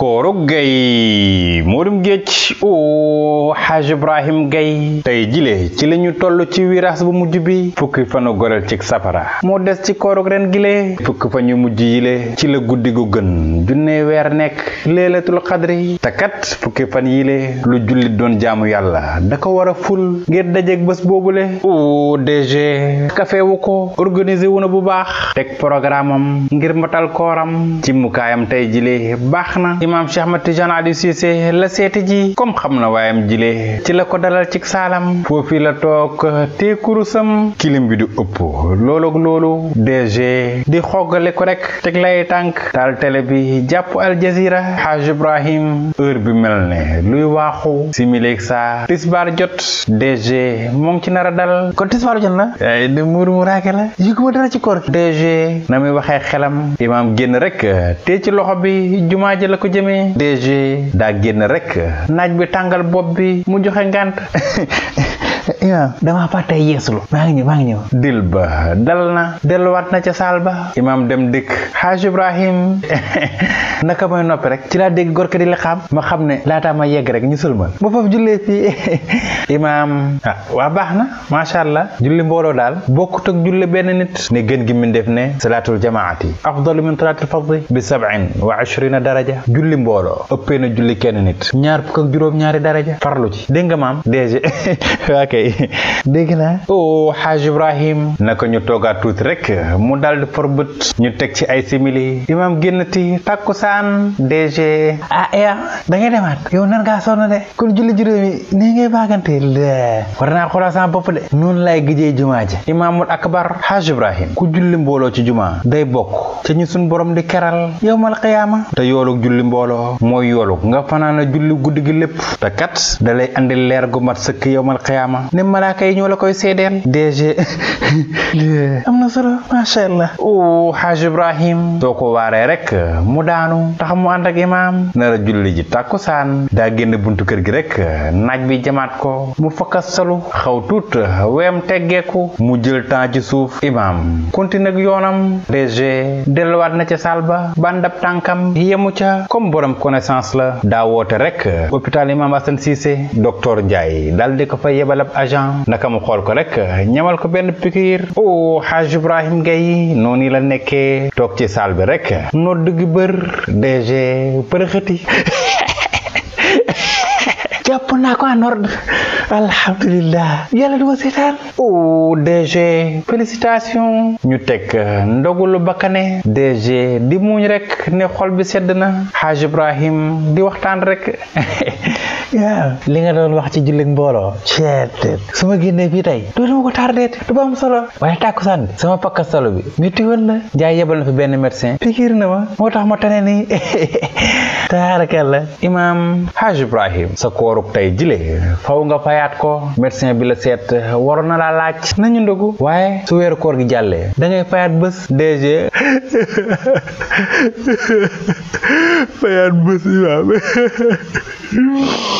koro gay modum gej o Haj ibrahim gay tay jile ci lañu tollu ci wiras bu mujj bi fukki fanu goral ci safara mo dess ci koro ren gile fukki fañu mujj yile ci la guddi gu gën junne wer nek lelatul qadri takat fukki fan yile lu julli don jaamu yalla da ko wara ful ngir dajeeg bes bobule o dg café wuko organisé wuna bu baax tek programam ngir matal koram ci mukayam tay jile baxna imaam Cheikh Ahmed Tidiane Aliou la seeti ji comme xam na waayam jile ci la ko dalal ci saalam foofi la toog te kurusam kilim bi du ëpp looloog loolu DG di xoggale ko rek teg lay tànk taal tele bi jàpp Al Jazeera Haj Ibrahim heure bi mel ne luy waaxu simileeg saa tisbaar jot DG moo ci nar a dal kon tisbaar jot na ay de muur muraake la yëguma dara ci koor DG na muy waxee xelam imaam génn rek te ci loxo bi jumaa ji la ko jël jëmee DG daa génn rekk naaj bi tàngal bopp bi mu joxe ngant damaa fàtte yeeslu maa ngi ñëw maa ngi ñëw dil ba dal na delwaat na ca saal ba imaam dem dikk xaaj ibrahim naka mooy noppi rek ci laa dégg gorka di la xam ma xam ne laataa ma yegg rek ñu sulmal ba foofu jullee fii imaam ah waa baax na macha allah julli mbooloo daal bokkut ak julli benn nit ne gën gi min def ne salaatul jamaati afdalu min salaatil fadli bi sab'in wa ashrina daraja julli mbooloo ëppee na julli kenn nit ñaar fukk ak juróom ñaari daraja farlu dégg naa o oh, xaaj ibrahim naka ñu toogaat tuuti rek mu daldi forbët ñu teg ci ay simili imam génnati takkusaan DG AR da ya, ngay demaat yow nan ngaa sonn de kon julli juróomi nii ngay baagante lee war naa nun sama bopp de noonu lay akbar xaaj ibrahim ku julli mbooloo ci jumaa day bokk ñu sun borom di keral yowmal qiyaama te yoolug julli mbooloo mooy yoolug nga fanaan julli guddi gi lépp te kat da andi leer gu mat sëkk yowmal ne malaaka yi ñoo la koy seedeel DG am na solo macha allah o xaaj Ibrahim soo ko waaree rek mu daanu tax mu ànd ak imaam nara julli ji tàkkusaan daa génn buntu kër gi rek naaj bi jamaat ko mu fakkas salu xaw tuut weem mu jël temps ci suuf imaam continue yoonam DG delluwaat na ca saal ba bandab tànkam yemu ca comme borom connaissance la daa woote rek hôpital imaam Assane Cissé docteur Ndiaye dal di ko fa yebalab agent naka mu xool ko rek ñamal ko benn pikiir o oh, xaaj Ibrahim Gaye noonu la nekkee toog ci saal bi rek nodd gi bër DG përëxëti jàpp naa ko en ordre alhamdulilah yàlla du ma seetaan o oh, DG félicitation ñu teg euh, ndogulu bakkane DG di muuñ rek ne xol bi sedd na xaaj Ibrahim di waxtaan rek li nga doon wax ci jullit mbooloo ceet su ma génnee fii tey dootu ma ko tardé du ma am solo waaye tàkkusaan bi sama pakka solo bi métti woon na jaay yebal na fi benn médecin pikiir na ma moo tax ma tane ni la imaam Haj Ibrahim sa kooruk tey jile faw nga fayaat ko médecin bi la seet waroon na laa laaj nañu ndogu waaye su weeru koor gi jàllee da fayaat bés DG fayaat bés imaam